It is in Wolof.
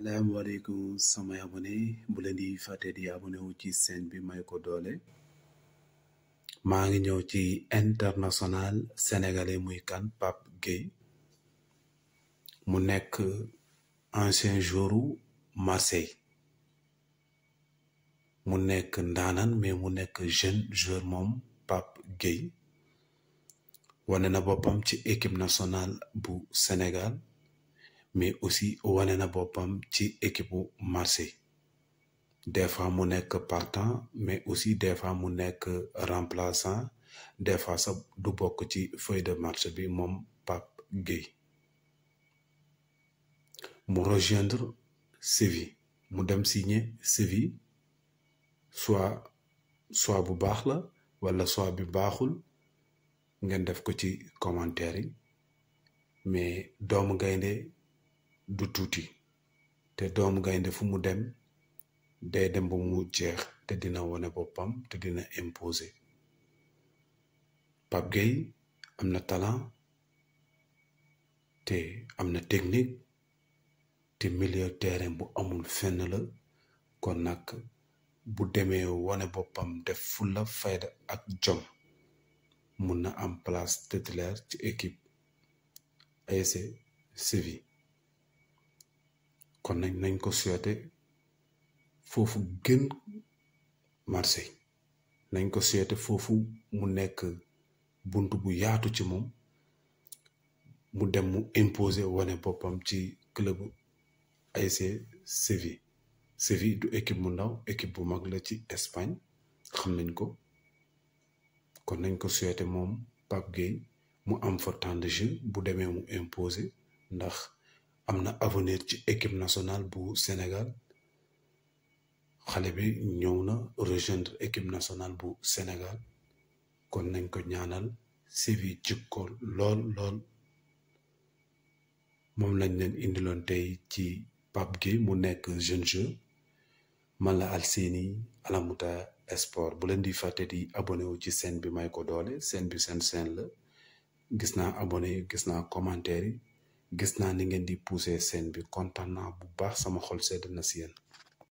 salaamaaleykum samay abonné bu leen di fàtte di abonné wu ci seen bi may ko doole maa ngi ñëw ci international sénégalais muy kan pap Gueye mu nekk ancien jour Marseille mu nekk ndaanan mu nekk jeune joueur moom Pape Gueye wane na boppam ci équipe nationale bu Sénégal mais aussi wanena bopam ci équipe Marseille des fois mu nek partant mais aussi des fois mu nek remplaçant des fois sa du bok ci feuille de match bi mom Pape Gueye mu rejoindre Séville mu dem signer Séville soit soit bu baax la wala soit bi baaxul ngeen def ko ci commentaire mais doomu gaynde du tuuti te doomu gaynde fu mu dem day dem ba mu jeex te dina wone boppam te dina imposer Pape Gueye am na talent te am na technique te milieu terrain bu amul fenn la kon nag bu demee wone boppam def fulla fayda ak jom mun na am place titulaire ci équipe ASC Séville kon nañ ko souhaité Marseille nañ ko souhaité foofu mu nekk bunt bu yaatu ci moom mu dem mu imposer wane boppam ci club AS Séville Séville du équipe mu équipe bu mag la Espagne xam nañ ko kon nañ ko souhaité moom Pape Gueye mu am de jeu bu demee mu imposer ndax am na avenir ci équipe nationale bu Sénégal xale bi ñëw na rejoindre équipe nationale bu Sénégal kon nañ ko ñaanal Sévi jikko lool lool moom lañ leen indiloon tey ci Pape Gueye mu nekk jeune jeu man la Alseyni Alamouta Sport bu leen di fàtte di wu ci seen bi may ko doole seen bi seen seen la gis naa abonné yi gis naa commentaire gis naa ni ngeen di pousser seen bi kontaan naa bu baax sama xol sedd na si